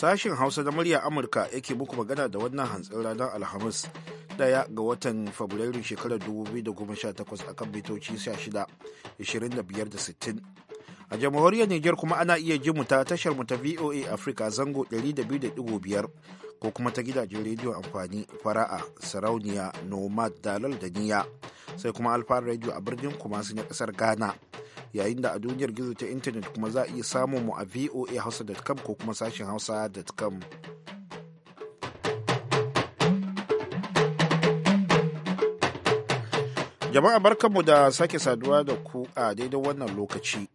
Sashen Hausa na murya Amurka yake muku magana da wannan hantsin ranar Alhamis daya ga watan Fabrairu shekarar 2018 akan bitoci 16, 25 a jamhuriyar niger kuma ana iya ji mu tashar mu ta VOA Africa zango 102.5 ko kuma ta gidajen rediyo amfani fara'a sarauniya nomad dalal da niya sai kuma alfa rediyo a birnin kuma kumasi na kasar ghana yayin da a duniyar gizo ta intanet kuma za a iya samun mu a voa hausa.com ko kuma sashen hausa.com Jama'a barkanmu da sake saduwa da ku a daidai wannan lokaci.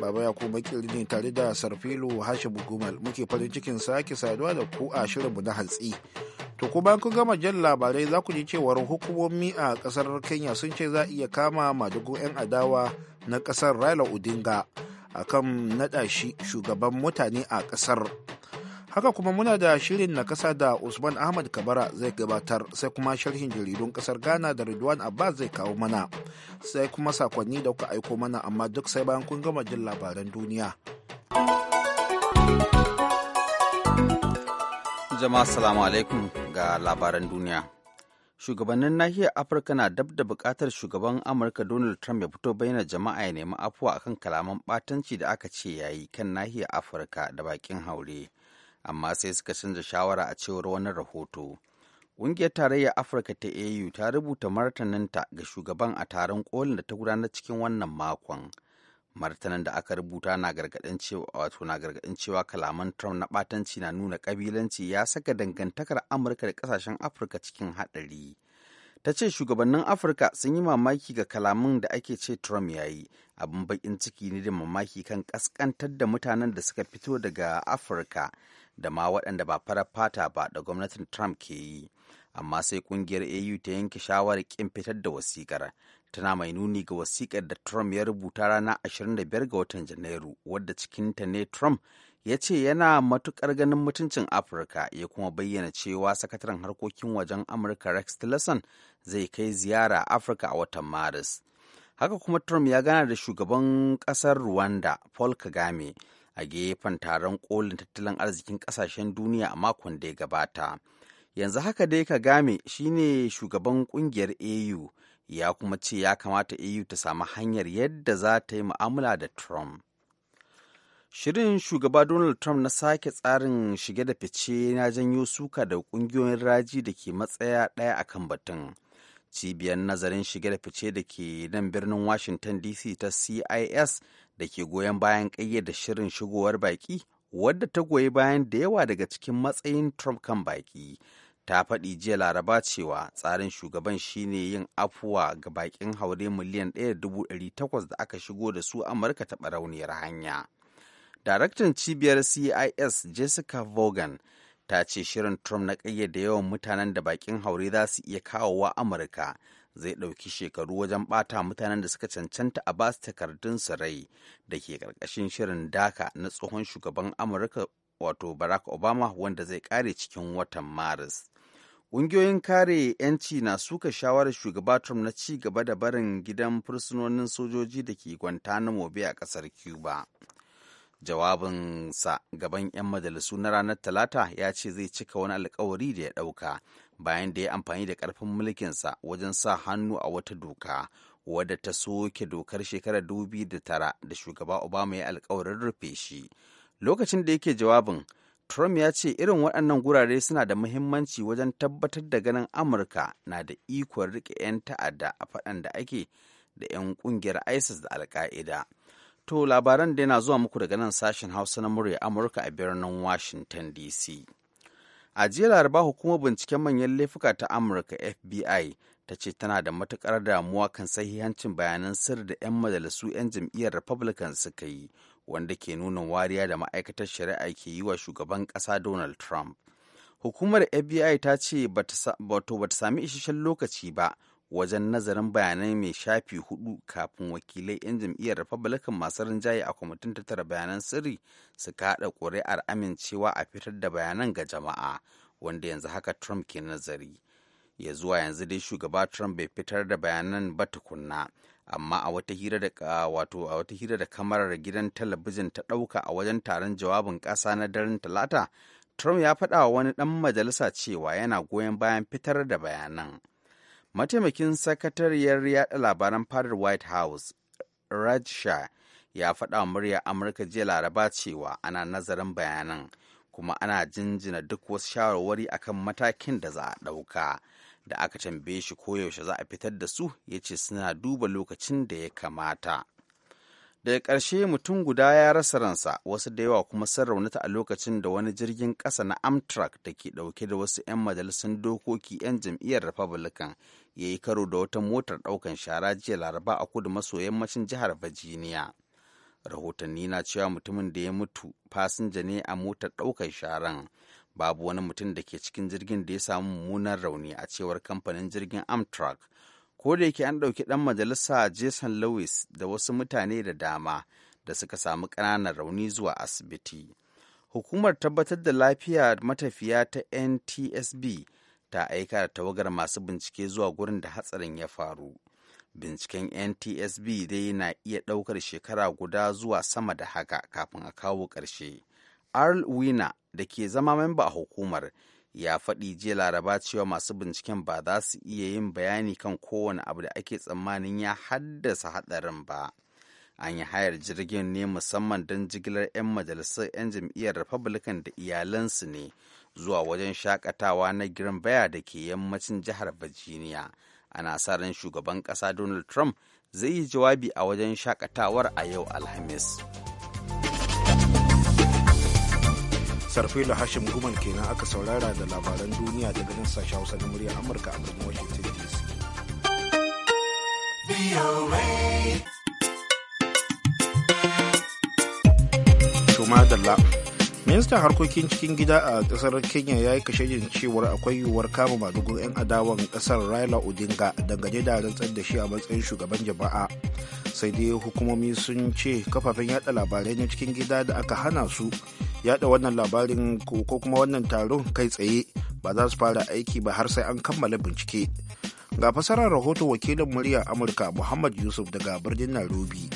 Baba ya kuma ne tare da sarfilo Hashim Gumal muke farin cikin sake saduwa da ku a shirinmu na hantsi. To ku bayan kun gama jan labarai za ku ji cewar hukumomi a kasar Kenya sun ce za a iya kama madugu 'yan adawa na kasar Raila Odinga akan naɗa shi shugaban mutane a kasar. haka kuma muna da shirin na kasa da usman ahmad kabara zai gabatar sai kuma sharhin jaridun kasar ghana da ridwan abbas zai kawo mana sai kuma sakonni da kuka aiko mana amma duk sai bayan kun gama jin labaran duniya jama'a salamu alaikum ga labaran duniya shugabannin nahiyar afirka na dab da bukatar shugaban amurka donald trump ya fito bayyana jama'a ya nemi afuwa akan kalaman batanci da aka ce yayi kan nahiyar afirka da bakin haure amma sai suka canza shawara a cewar wani rahoto. Ƙungiyar Tarayyar Afirka ta AU ta rubuta martaninta ga shugaban a taron kolin da ta gudanar cikin wannan makon. Martanin da aka rubuta na gargaɗin cewa na gargaɗin cewa kalaman Trump na batanci na nuna ƙabilanci ya saka dangantakar Amurka da ƙasashen Afirka cikin haɗari. ta ce shugabannin afirka sun yi mamaki ga kalamin da ake ce trump ya yi abin bakin ciki ne da mamaki kan ƙasƙantar da mutanen da suka fito daga afirka da ma waɗanda ba farar fata ba da gwamnatin Trump ke yi. Amma sai ƙungiyar AU ta yanke shawarar ƙin fitar da wasiƙar. Tana mai nuni ga wasiƙar da Trump ya rubuta rana 25 ga watan Janairu, wadda cikinta ne Trump ya ce yana matuƙar ganin mutuncin Afirka ya kuma bayyana cewa sakataren harkokin wajen Amurka Rex Tillerson zai kai ziyara Afirka a watan Maris. haka kuma trump ya gana da shugaban kasar rwanda paul kagame a gefen taron kolin tattalin arzikin kasashen duniya a makon da ya gabata yanzu haka dai ka game shine shugaban kungiyar au ya kuma ce ya kamata au ta samu hanyar yadda za ta yi mu'amala da trump shirin shugaba donald trump na sake tsarin shige da fice na janyo suka da kungiyoyin raji da ke matsaya ɗaya akan batun cibiyar nazarin shige da fice da ke nan birnin washington dc ta cis da ke goyon bayan ƙayyade shirin shigowar baƙi wadda ta goyi bayan da yawa daga cikin matsayin Trump kan baƙi. Ta faɗi jiya laraba cewa tsarin shugaban shine yin afuwa ga baƙin haure miliyan 1,800 da aka shigo da su Amurka ta barauniyar hanya. Daraktan cibiyar CIS Jessica Vaughan ta ce shirin Trump na ƙayyade yawan mutanen da baƙin haure za su iya kawowa Amurka zai ɗauki shekaru wajen ɓata mutanen da suka cancanta a basu takardun rai da ke ƙarƙashin shirin daka na tsohon shugaban amurka wato barack obama wanda zai ƙare cikin watan maris Ƙungiyoyin kare 'yanci na suka shawarar shugaba Trump na ci gaba da barin gidan fursunonin sojoji da ke Guantanamo Bay a ƙasar Cuba. jawabinsa gaban 'yan majalisu na ranar talata ya ce zai cika wani alkawari da ya ɗauka bayan da ya amfani da ƙarfin mulkinsa wajen sa hannu a wata doka wadda ta soke dokar shekarar 2009 da shugaba obama ya alkawarin rufe shi lokacin da yake jawabin trump ya ce irin waɗannan gurare suna da muhimmanci wajen tabbatar da ganin amurka na da ikon riƙe 'yan ta'adda a faɗan da ake da 'yan ƙungiyar isis da alka'ida. To labaran da yana zuwa muku daga nan sashen Hausa na murya Amurka a birnin Washington DC. A jiya laraba hukumar binciken manyan laifuka ta Amurka FBI ta ce tana da matukar damuwa kan sahihancin bayanan sir da 'yan majalisu 'yan jam'iyyar Republican suka yi, wanda ke nuna wariya da ma'aikatar shari'a ke yi wa shugaban ƙasa Donald Trump. Hukumar FBI ta ce bata sami isasshen lokaci ba wajen nazarin bayanai mai shafi hudu kafin wakilai 'yan jam'iyyar republican masu rinjaye a kwamitin tattara bayanan sirri su kaɗa ƙuri'ar amincewa a fitar da bayanan ga jama'a wanda yanzu haka trump ke nazari ya zuwa yanzu dai shugaba trump bai fitar da bayanan ba tukunna amma a wata hira da wato a wata hira da kamarar gidan talabijin ta ɗauka a wajen taron jawabin ƙasa na daren talata trump ya faɗa wani ɗan majalisa cewa yana goyon bayan fitar da bayanan mataimakin sakatariyar yada labaran fadar white house radsha ya faɗa wa muryar amurka jiya laraba cewa ana nazarin bayanan kuma ana jinjina duk wasu shawarwari akan matakin da za a ɗauka da aka tambaye shi koyaushe za a fitar da su ya ce suna duba lokacin da ya kamata daga ƙarshe mutum guda ya rasa ransa wasu da yawa kuma sun raunata a lokacin da wani jirgin ƙasa na amtrak da ke ɗauke da wasu 'yan majalisun dokoki 'yan jam'iyyar republican ya yi karo da wata motar ɗaukan shara jiya laraba a kudu maso yammacin jihar virginia rahotanni na cewa mutumin da ya mutu fasinja ne a motar ɗaukan sharan babu wani mutum da ke cikin jirgin da ya samu mummunan rauni a cewar kamfanin jirgin amtrak ko da yake an ɗauki ɗan majalisa jason lewis da wasu mutane da dama da suka samu ƙananan rauni zuwa asibiti hukumar tabbatar da lafiya matafiya ta ntsb ta aika da tawagar masu bincike zuwa gurin da hatsarin ya faru binciken ntsb dai na iya ɗaukar shekara guda zuwa sama da haka kafin a kawo ƙarshe arl wina da ke zama memba a hukumar ya faɗi jiya laraba cewa masu binciken ba za su iya yin bayani kan kowane abu da ake tsammanin ya haddasa haɗarin ba an yi hayar jirgin ne musamman don jigilar 'yan majalisar 'yan jam'iyyar republican da iyalansu ne zuwa wajen shakatawa na girin baya da ke yammacin jihar virginia ana sa ran shugaban ƙasa donald trump zai yi jawabi a wajen shakatawar a yau alhamis. sarfila hashim guman kenan aka saurara da labaran duniya daga nan sashen hausa na murya amurka a birnin washington dc Madalla. ministan harkokin cikin gida a kasar kenya ya yi kashejin cewar akwai yiwuwar kama madugun 'yan adawan kasar raila odinga dangane da rantsar da shi a matsayin shugaban jama'a sai dai hukumomi sun ce kafafen yada labarai na cikin gida da aka hana su yada wannan labarin ko kuma wannan taron kai tsaye ba za su fara aiki ba har sai an kammala bincike ga fasarar rahoton wakilin murya amurka muhammad yusuf daga birnin nairobi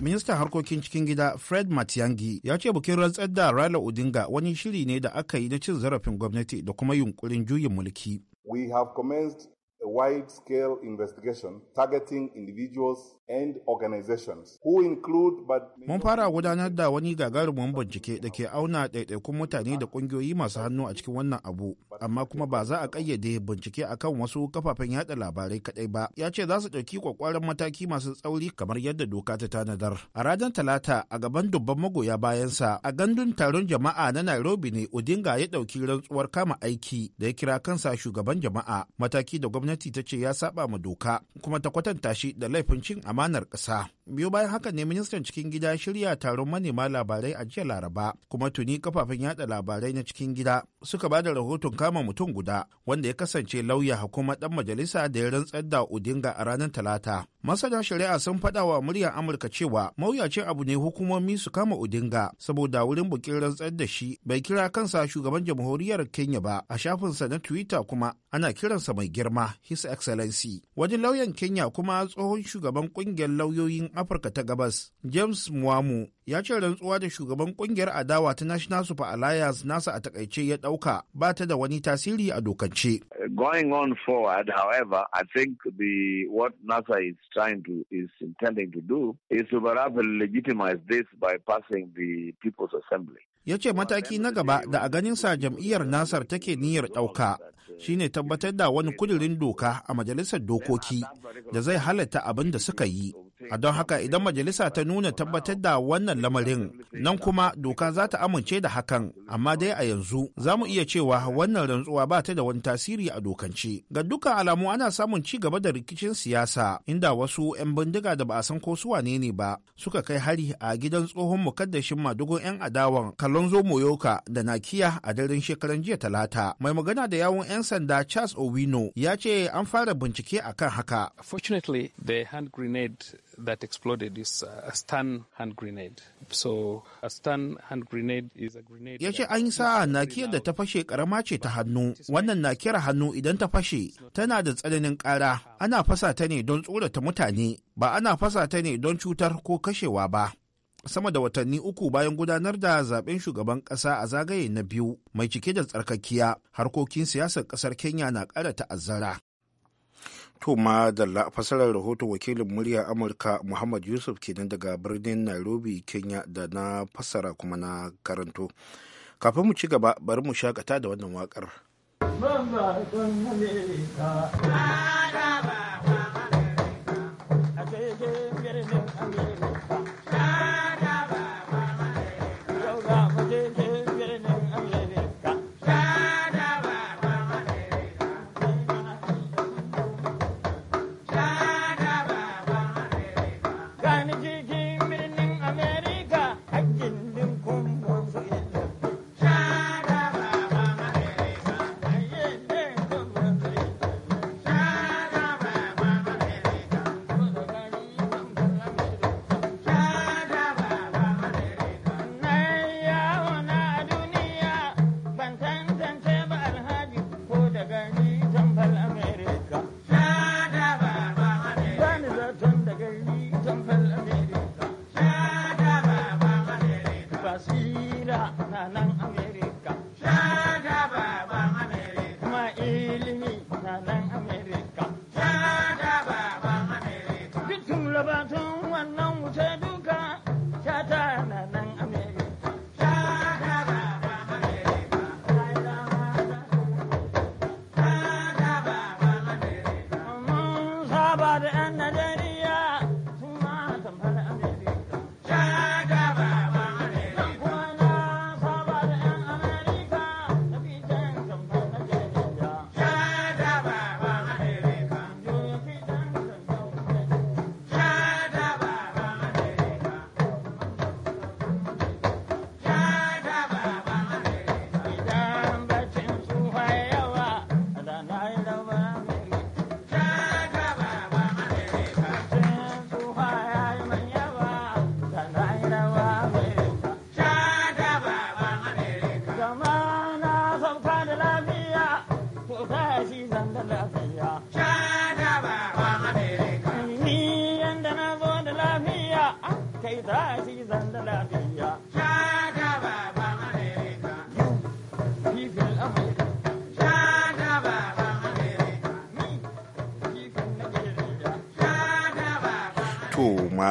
ministan harkokin cikin gida fred Matiangi, ya ce bukin rantsar da raila odinga wani shiri ne da aka yi na cin zarafin gwamnati da kuma yunkurin juyin mulki We have commenced a wide scale investigation targeting individuals and organizations who include but Mun fara gudanar da wani gagarumin bincike da ke auna ɗaiɗaikun mutane da ƙungiyoyi masu hannu a cikin wannan abu, amma kuma ba za a ƙayyade bincike akan wasu kafafen yada labarai kaɗai ba. Ya ce za su ɗauki kwakwaran mataki masu tsauri kamar yadda doka ta tanadar. A ranar Talata a gaban dubban magoya bayan sa. a gandun taron jama'a na Nairobi ne Odinga ya ɗauki rantsuwar kama aiki da ya kira kansa shugaban jama'a mataki da gwamnati gwamnati ta ce ya saba ma doka kuma ta kwatanta shi da laifin cin amanar ƙasa biyo bayan haka ne ministan cikin gida shirya taron manema labarai a jiya laraba kuma tuni kafafen yada labarai na cikin gida suka ba da rahoton kama mutum guda wanda ya kasance lauya kuma dan majalisa da ya rantsar da odinga a ranar talata masana shari'a sun faɗa wa muryar amurka cewa mawuyacin abu ne hukumomi su kama odinga saboda wurin bukin rantsar da shi bai kira kansa shugaban jamhuriyar kenya ba a shafinsa na twitter kuma ana kiransa mai girma his excellency wajen lauyan kenya kuma tsohon shugaban kungiyar lauyoyin Afirka ta Gabas, James muamu ya ce rantsuwa da shugaban kungiyar adawa ta National Super Alliance nasa a takaice ya dauka ba ta da wani tasiri a dokance. Going on forward, however, I think the what NASA is trying to is intending to do is to perhaps legitimize this by passing the People's Assembly. ya ce mataki na gaba da a ganin sa jam'iyyar nasar take niyyar ɗauka shine tabbatar da wani kudirin doka a majalisar dokoki da zai halatta abin da suka yi A don haka idan majalisa ta nuna tabbatar da wannan lamarin nan kuma doka za ta amince da hakan amma dai a yanzu za mu iya cewa wannan rantsuwa ba ta da wani tasiri a dokance. Ga dukkan alamu ana samun ci gaba da rikicin siyasa inda wasu 'yan bindiga da ba a san ko su wane ne ba suka kai hari a gidan tsohon mukaddashin madugun 'yan adawan Kalonzo Moyoka da Nakiya a daren shekaran jiya talata. Mai magana da yawun 'yan sanda Charles Owino ya ce an fara bincike akan haka. Fortunately, the hand that exploded is uh, a stun hand grenade. So a stun hand grenade is a grenade. Ya ce an yi sa'a nakiyar da ta fashe karama ce ta hannu. Wannan nakiyar hannu idan ta fashe tana da tsananin ƙara. Ana fasa ta ne don tsorata mutane, ba ana fasa ta ne don cutar ko kashewa ba. Sama da watanni uku bayan gudanar da zaben shugaban ƙasa a zagaye na biyu mai cike da tsarkakiya harkokin siyasar ƙasar Kenya na ƙara ta'azzara. To ma da fasarar rahoton wakilin murya Amurka Muhammad Yusuf kenan daga birnin Nairobi, Kenya da na fasara kuma na karanto. Kafin mu ci gaba bari mu shakata da wannan waƙar. you.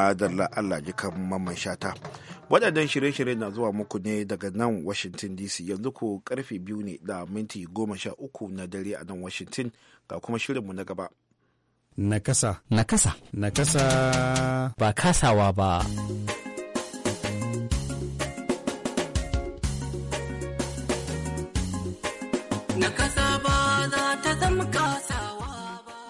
madalla Allah kan mamman shata. Waɗannan shirye-shirye na zuwa muku ne daga nan Washington DC yanzu ko karfe biyu ne da minti goma sha uku na dare a nan Washington ga kuma shirinmu na gaba. Nakasa. Nakasa. Nakasa. Ba kasawa ba. Nakasa ba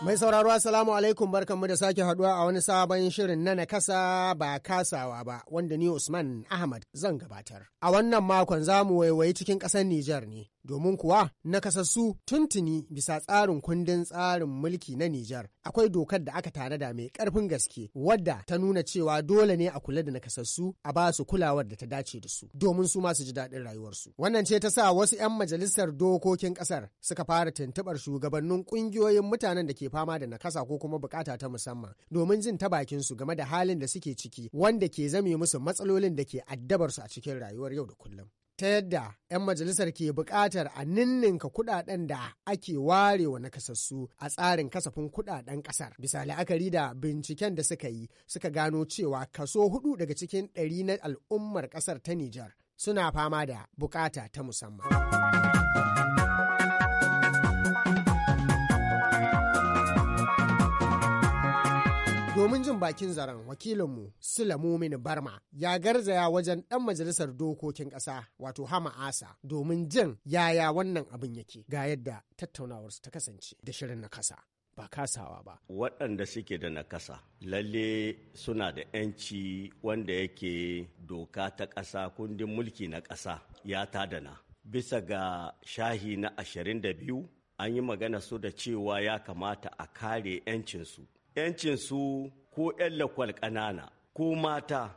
Mai sauraro Assalamu alaikum barkanmu da sake haduwa a wani sabon shirin na nakasa ba kasawa ba wanda ni Usman Ahmad zan gabatar. A wannan makon za mu waiwayi cikin ƙasar Nijar ne domin kuwa nakasassu tuntuni bisa tsarin kundin tsarin mulki na Nijar akwai dokar da aka tanada mai karfin gaske wadda ta nuna cewa dole ne a kula da nakasassu a ba su kulawar da ta dace da su domin su masu ji daɗin rayuwarsu. Wannan ce ta sa wasu 'yan majalisar dokokin ƙasar suka fara tuntuɓar shugabannin ƙungiyoyin mutanen da ke fama da nakasa ko kuma bukata ta musamman domin jin ta bakin su game da halin da suke ciki wanda ke zame musu matsalolin da ke addabar su a cikin rayuwar yau da kullum. ta yadda 'yan majalisar ke buƙatar a ninninka kuɗaɗen da ake ware wa nakasassu a tsarin kasafin kuɗaɗen ƙasar bisa la'akari da binciken da suka yi suka gano cewa kaso hudu daga cikin ɗari na al'ummar ƙasar ta Nijar suna fama da bukata ta musamman. Domin jin bakin zaren wakilinmu Sula Mumin Barma ya garzaya wajen ɗan majalisar dokokin ƙasa wato Hama Asa domin jin yaya wannan abin yake ga yadda tattaunawar ta kasance da shirin na kasa. Ba kasawa ba. Waɗanda suke da nakasa lalle suna da 'yanci wanda yake doka ta ƙasa kundin mulki na ƙasa ya tadana. Bisa ga shahi na 22 an yi magana su da cewa ya kamata a kare 'yancinsu yancin su ko 'yan lakwal ƙanana ko mata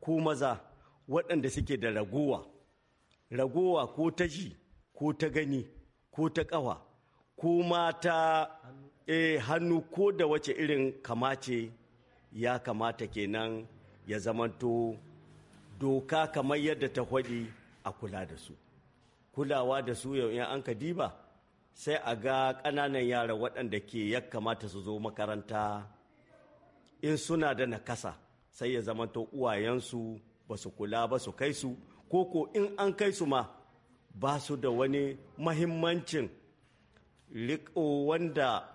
ko maza waɗanda suke da ragowa ragowa ko ta ji ko ta gani ko ta ƙawa ko mata e, hannu ko da wace irin kamace ya kamata kenan ya zamanto doka kamar yadda ta hwaɗi a kula da su kulawa da su yau in an ka diba sai a ga ƙananan yara waɗanda ke ya kamata su zo makaranta in suna da nakasa sai ya zamanto uwayensu ba su kula ba su kai su ko ko in an kai su ma ba su da wani mahimmancin riƙo wanda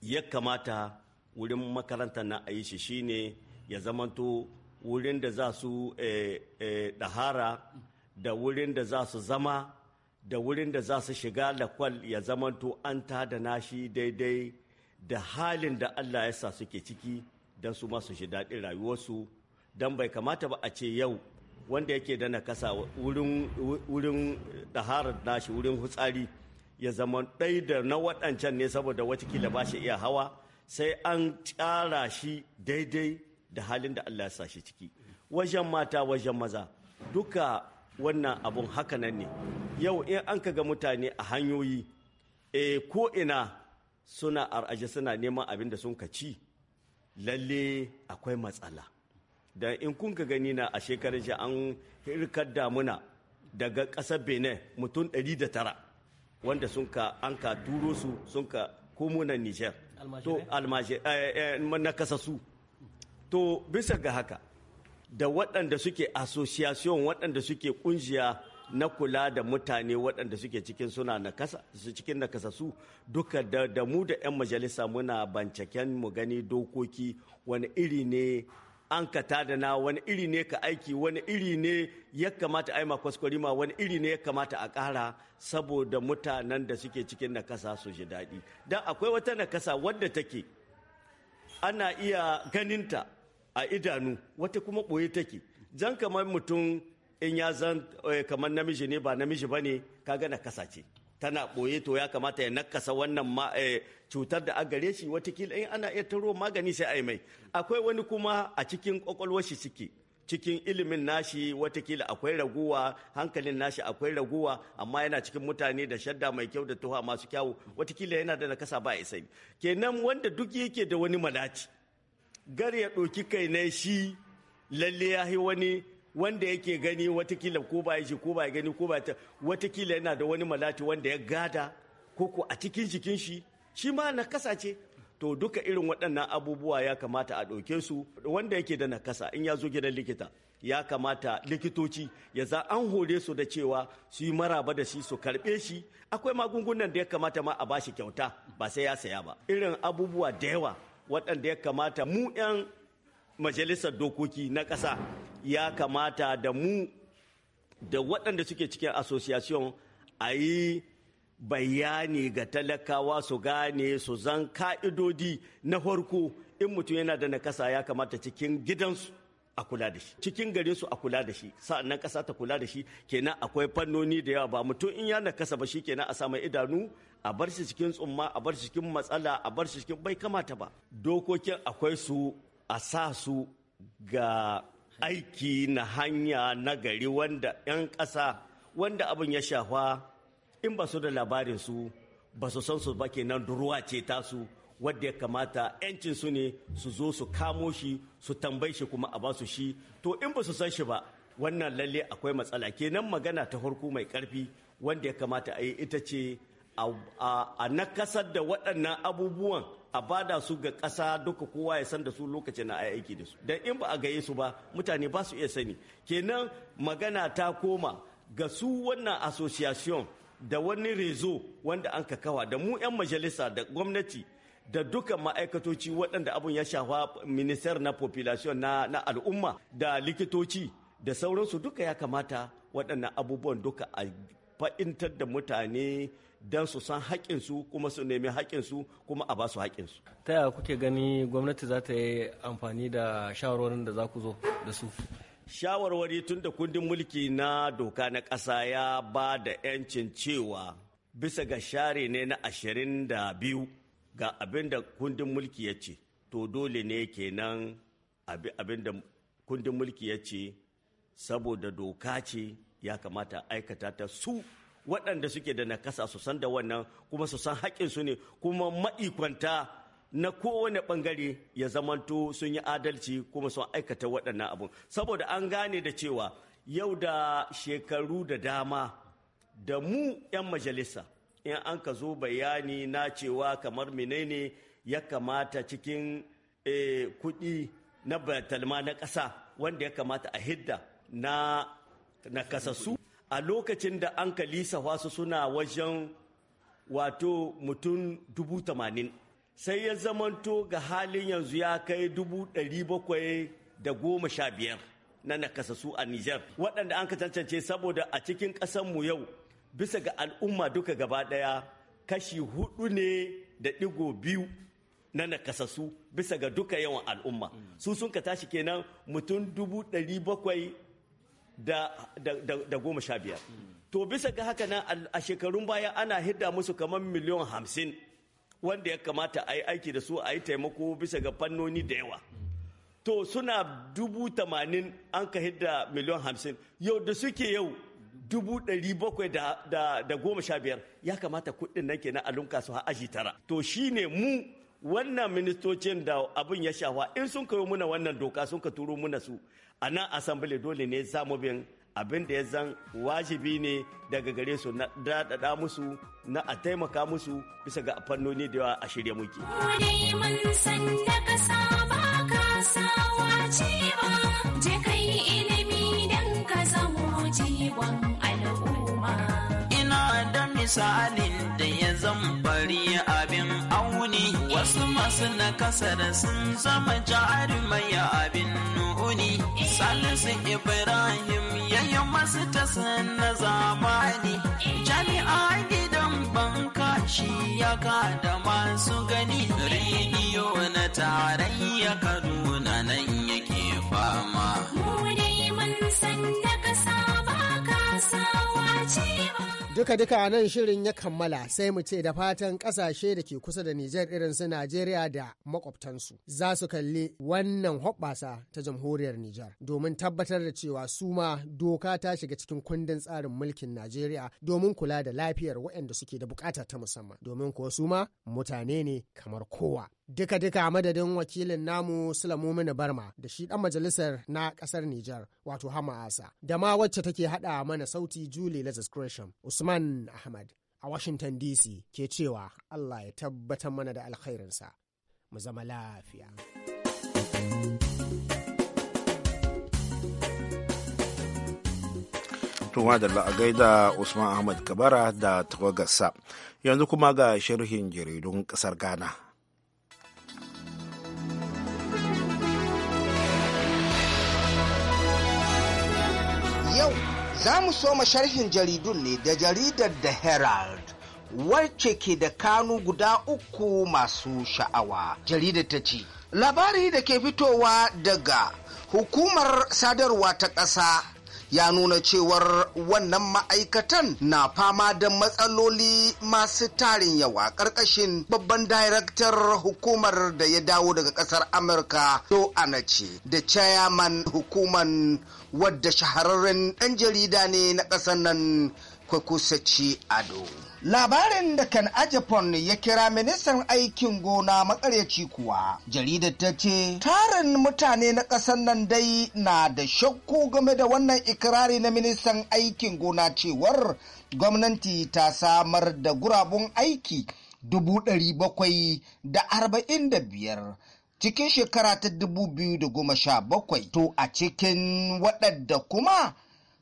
ya kamata wurin makaranta na a yi shi shine ya zamanto wurin da za su eh, eh, ɗahara da wurin da za su zama da wurin da za su shiga lakwal ya zamanto an ta da nashi daidai da halin da Allah ya sa suke ciki don su masu shi daɗin rayuwarsu don bai kamata ba a ce yau wanda yake da nakasa wurin ɗaharar nashi wurin hutsari ya zama ɗai da na waɗancan ne saboda watakila ba shi iya hawa sai an tsara shi daidai da halin da Allah ya sa shi ciki wajen mata wajen maza duka wannan abun haka nan ne yau in an ka ga mutane a hanyoyi e ko ina suna ar'aje suna neman abin da sun kaci lalle akwai matsala da in kun ka gani na a shekarar shi an hirkar damuna daga ƙasar benin mutum 109 wanda sun ka an ka turo su sun ka komo na niger to almashi eh, eh, na kasasu to bisa ga haka da waɗanda suke association waɗanda suke kungiya na kula da mutane waɗanda suke cikin suna nakasa su cikin su duka da, mu da 'yan majalisa muna bancaken mu gani dokoki wani iri ne an ka tada na wani iri ne ka aiki wani iri ne ya kamata ai ma wani iri ne ya kamata a ƙara saboda mutanen da suke cikin nakasa su ji daɗi don akwai wata nakasa wadda take ana iya ganinta a idanu wata kuma ɓoye take jan kamar mutum in ya zan eh, kamar namiji ne ba namiji ba ne kaga na kasa ce tana ɓoye to ya kamata ya nakasa wannan eh, cutar da agareshi shi watakila in ana iya taro magani sai a yi mai akwai wani kuma a cikin kwakwalwar shi ciki cikin ilimin nashi watakila akwai raguwa hankalin nashi akwai raguwa amma yana cikin mutane da shadda mai kyau da tuha masu kyawu watakila yana da nakasa ba ya isai kenan wanda duk yake da wani malaci gar ya ɗoki kai na shi lalle ya yi wani wanda yake gani watakila ko ba ya ko ba ya gani ko ba ta watakila yana da wani malati wanda ya gada ko ko a cikin jikin shi shi ma nakasa ce to duka irin waɗannan abubuwa ya kamata a ɗauke su wanda yake da nakasa in ya zo gidan likita ya kamata likitoci ya za an hore su da cewa su yi maraba da shi su karɓe shi akwai magungunan da ya kamata ma a bashi kyauta ba sai ya saya ba irin abubuwa da yawa waɗanda ya kamata mu 'yan majalisar dokoki na ƙasa ya kamata da mu da waɗanda suke cikin association a yi bayani ga talakawa su gane su zan ka'idodi na farko in mutum yana da nakasa ya kamata cikin gidansu a kula da shi cikin garinsu a kula da shi sa'annan ƙasa ta kula da shi kenan akwai fannoni da yawa ba mutum in ya nakasa ba shi kenan a samun idanu a bar shi cikin tsumma a bar shi cikin matsala a bar shi cikin bai kamata ba dokokin akwai su a sa su ga aiki na hanya na gari wanda 'yan ƙasa wanda abin ya shafa in ba su da labarin su ba su san su ba kenan durwa ce tasu wadda ya kamata 'yancin su ne su zo su kamo shi su tambaye shi kuma a ba su shi to in ba su san shi ba wannan lalle akwai matsala kenan magana ta farko mai karfi wanda ya kamata a yi ita ce a nakasar da waɗannan abubuwan a bada su ga ƙasa duka kowa ya san da su lokacin na aiki da su dan in ba a gaye su ba mutane ba su iya sani kenan magana ta koma ga su wannan association da wani rezo wanda an ka kawa da mu 'yan majalisa da gwamnati da duka ma'aikatoci waɗanda abun ya shafa minister na population na, na al'umma da likitoci da sauransu duka ya kamata waɗannan abubuwan duka a fa'intar da mutane don su san haƙƙinsu kuma su nemi haƙƙinsu kuma a ba su haƙƙinsu. ta yaya kuke gani gwamnati za ta yi amfani da shawarwarin da za ku zo da su shawarwari tun da kundin mulki na doka na ƙasa ya ba da 'yancin cewa bisa ga share ne na ashirin da biyu ga abin da kundin mulki ya ce to dole ne kenan abin da kundin mulki ya ce saboda doka ce ya kamata aikata ta su waɗanda suke da nakasa su san da wannan kuma su san su ne kuma ma'ikwanta na kowane bangare ya zamanto sun yi adalci kuma sun aikata waɗannan abu saboda an gane da cewa yau da shekaru da dama da mu 'yan majalisa in an ka zo bayani na cewa kamar menene ya kamata cikin e, kuɗi na batalma na ƙasa wanda ya kamata a hidda na nakasassu a lokacin da an kalisa wasu suna wajen wato mutum dubu tamanin sai ya zamanto ga halin yanzu ya kai dubu ɗari bakwai da goma sha biyar na nakasassu a Nijar waɗanda an ka cancance saboda a cikin ƙasanmu yau bisa ga al'umma duka gaba ɗaya kashi hudu ne da ɗigo biyu na nakasassu bisa ga duka yawan al'umma mm. su sun ka tashi kenan mutum dubu ɗari bakwai da goma sha biyar to bisa ga haka nan a shekarun baya ana hidda musu kamar miliyan hamsin wanda ya kamata a yi aiki da su a yi taimako bisa ga fannoni da yawa to suna dubu tamanin an ka hidda miliyan hamsin yau da suke yau dubu ɗari bakwai da goma sha biyar ya kamata kuɗin nan kenan a lunka su aji tara to shi ne mu wannan ministocin da abin ya shafa in sun kawo muna wannan doka sun ka turo muna su a nan asambile dole ne mu bin abin da ya zan wajibi ne daga gare su na daɗaɗa musu na a taimaka musu bisa ga fannoni da yawa a shirya muke. Ina da misalin wasu kasara sun zama jarumai abin nuni salisu ibrahim yayi masu tasa na zamani jami'a gidan banka shi ya da masu gani rediyo na tarayya kaduna nan Duka-duka nan shirin ya kammala sai mu ce da fatan kasashe da ke kusa da Nijar irin su Najeriya da makwabtansu za su kalli wannan hoɓɓasa ta jamhuriyar Nijar domin tabbatar da cewa su ma doka ta shiga cikin kundin tsarin mulkin Najeriya domin kula da lafiyar waɗanda suke da bukata ta musamman domin kuwa su ma mutane ne kamar kowa. Duka-duka madadin wakilin namu Sulamumini Barma da shi ɗan majalisar na ƙasar Nijar wato Hama Asa da ma wacce take haɗa mana sauti Julie Lazarus Gresham. Usman Usman Ahmad a Washington DC ke cewa Allah ya tabbatar mana da alkhairinsa. Mu zama lafiya. Tuma da la'agai da Usman Ahmad Kabara da tawagarsa yanzu kuma ga sharhin jaridun ƙasar Ghana. Yau Za mu soma sharhin jaridun ne da jaridar The Herald. wacce ke da kanu guda uku masu sha'awa jaridar ta ce labari da ke fitowa daga hukumar sadarwa ta ƙasa ya nuna cewar wannan ma'aikatan na fama da matsaloli masu tarin yawa ƙarƙashin babban daraktar hukumar da ya dawo daga ƙasar amurka do anace da chairman hukuman wadda shahararren ɗan jarida ne na ƙasar nan kwakusaci ado. Labarin da kan Ajafon ya kira ministan aikin gona makareci kuwa, jaridar ta ce, tarin mutane na ƙasar nan dai na da shakku game da wannan ikirari na ministan aikin gona cewar gwamnati ta samar da gurabun aiki dubu ɗari bakwai da arba'in da biyar. Cikin shekara ta dubu biyu da goma sha bakwai, to a cikin waɗanda kuma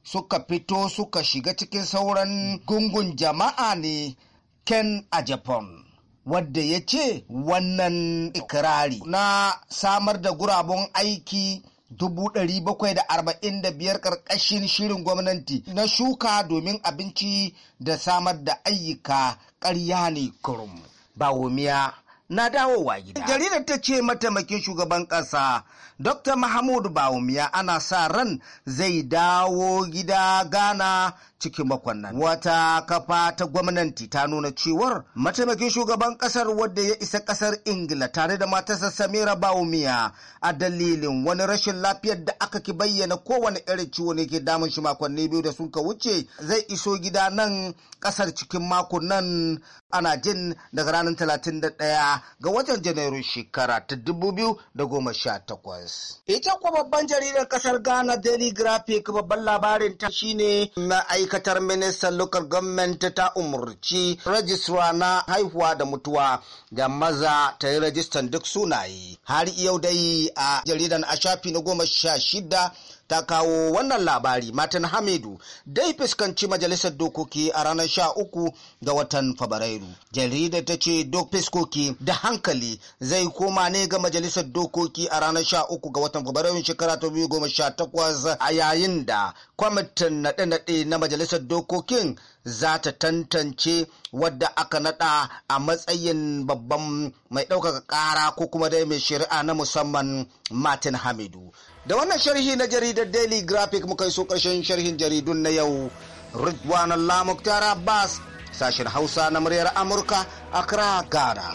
suka fito suka shiga cikin sauran gungun jama'a ne ken a japan wadda ya ce wannan ikirari na samar da guraben aiki 745 ƙarƙashin shirin gwamnati na shuka domin abinci da samar da ayyuka ƙarya ne kurum. Bawumiya na dawowa gida. Jaridar ta ce mataimakin shugaban ƙasa Dr. Mahmud Bawumia ana sa ran zai dawo gida Ghana cikin makonnan. Wata kafa ta gwamnati ta nuna cewar mataimakin shugaban kasar wadda ya isa kasar Ingila tare da matasa Samira Baumia a dalilin wani rashin lafiyar da aka ki bayyana kowane irin ciwo ne ke damun shi makonni biyu da sun ka wuce zai iso gida nan kasar cikin makon nan ana jin daga ranar 31 ga watan Janairu shekara ta 2018. Ita kuma babban jaridar kasar Ghana Daily Graphic babban labarin ta shine na ma'aikata ma'aikatar ministan local government ta umarci rajistra na haihuwa da mutuwa ga maza ta yi rajistan duk sunaye har yau dai a jaridan a shafi na goma sha shida ta kawo wannan labari Martin hamidu dai fuskanci majalisar dokoki a ranar sha uku ga watan fabrairu jaridar ta ce dok fiskoki da hankali zai koma ne ga majalisar dokoki a ranar sha uku ga watan fabrairu shekara ta biyu goma sha takwas a yayin da kwamitin naɗe-naɗe na majalisar dokokin za ta tantance wadda aka nada a matsayin babban mai ɗaukaka ƙara ko kuma dai mai shari'a na musamman martin hamidu da wannan sharhi na jaridar daily graphic muka yi so ƙarshen sharhin jaridun na yau ridwan lamuktar abbas sashen hausa na muryar amurka kira ghana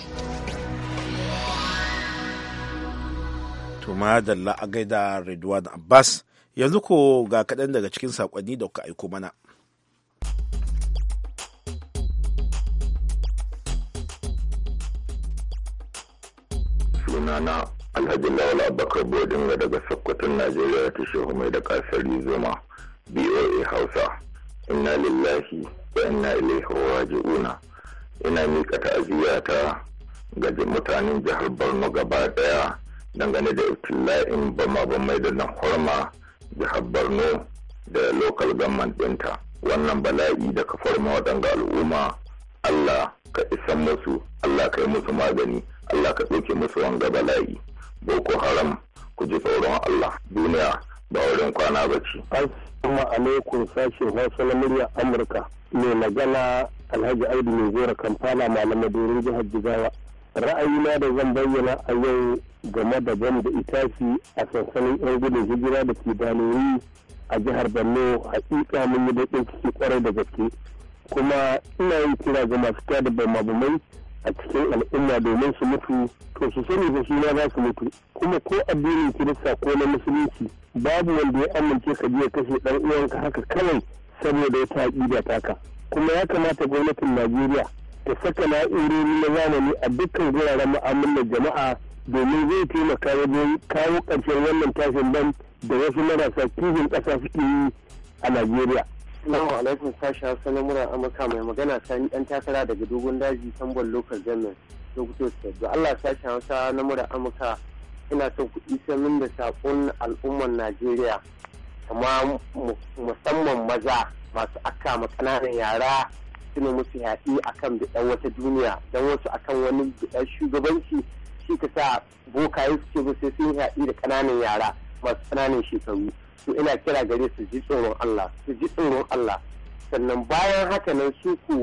tuma da la'agai da ridwan abbas yanzu ko ga kaɗan daga cikin saƙonni da kuka aiko mana suna na alhaji abubakar bakar bodinga daga sokoton najeriya ta shehu mai da kasar zuma boa hausa inna lillahi wa inna ilaihi raji'una ina mika ta'aziyya ta ga mutanen jihar borno gaba daya dangane da ibtila'in bama ba mai da nan horma jihar borno da lokal government dinta wannan bala'i da ka farma waɗanga al'umma allah ka isan musu allah ka yi musu magani Allah ka ɗauke musu wanga bala'i boko haram ku ji tsoron Allah duniya ba wurin kwana ba ce. Assalamu alaikum sashen Hausa na murya Amurka mai magana Alhaji Audu mai gora Kampala malamai dorin jihar Jigawa. na da zan bayyana a yau game da bam da itaci a sansanin 'yan gudun hijira da ke a jihar Borno hakika mun yi baƙin ciki kwarai da gaske. Kuma ina yin kira ga masu tada bamabamai a cikin al'umma domin su mutu to su sani ba suna za su mutu kuma ko addinin kirista ko na musulunci babu wanda ya amince ka biya kashe dan uwanka haka kawai saboda wata da taka kuma ya kamata gwamnatin najeriya ta saka na'urori na zamani a dukkan guraren mu'amalar jama'a domin zai taimaka wajen kawo karshen wannan tashin ban da wasu marasa kihin ƙasa suke yi a najeriya Assalamu alaikum sashi Hausa na mura Amurka mai magana sani ɗan takara daga dogon daji tambon local government Sokoto State. Da Allah sashi Hausa na mura Amurka ina son kuɗi isa min da saƙon al'ummar Najeriya kuma musamman maza masu akka ma kananan yara suna musu yaɗi akan biɗan wata duniya don wasu akan wani biɗan shugabanci shi ka sa bokaye su ce sai sun yaɗi da ƙananan yara masu ƙananan shekaru. su ina kira gare su ji tsoron Allah su ji tsoron Allah sannan bayan haka nan su ku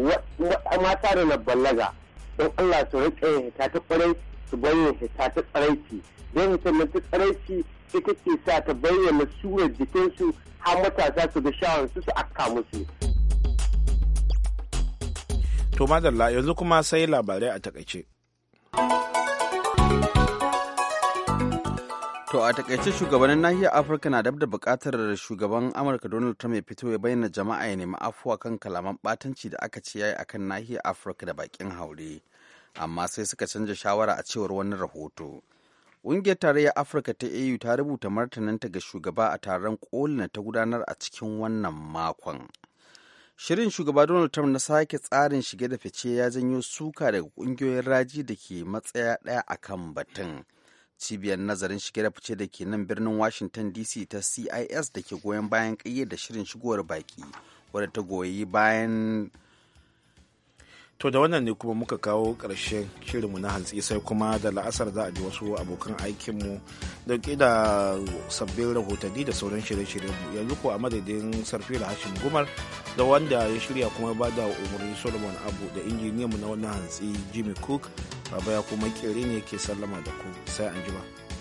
mata da na ballaga don Allah su rike ta hita ta kwarai su bayyana hita ta tsaraici don hita ta tsaraici su ke sa ta bayyana surar jikinsu har matasa su ga shawar su su akka musu. To madalla yanzu kuma sai labarai a takaice. To a takaice shugabannin nahiyar Afirka na dab da bukatar shugaban Amurka Donald Trump ya fito ya bayyana jama'a ya nemi afuwa kan kalaman batanci da aka ce yayi akan nahiyar Afirka da bakin haure. Amma sai suka canza shawara a cewar wani rahoto. Ƙungiyar Tarayyar Afirka ta AU ta rubuta martaninta ga shugaba a taron na ta gudanar a cikin wannan makon. Shirin shugaba Donald Trump na sake tsarin shige da fice ya janyo suka daga ƙungiyoyin raji da ke matsaya ɗaya akan batun. cibiyar nazarin shige da fice da ke nan birnin washington dc ta cis da ke goyon bayan ƙayyade da shirin shigowar baƙi wadda ta goyi bayan to da wannan ne kuma muka kawo ƙarshen shirinmu na hantsi sai kuma da la'asar za a ji wasu abokan aikinmu dauke da sabbin rahotanni da sauran shirye-shiryenmu yanzu ko a madadin sarfi da hashin gumar da wanda ya shirya kuma ba da umarni solomon abu da injiniyanmu na wannan hantsi jimmy cook baba ya kuma kere ne ke sallama da ku sai an jima.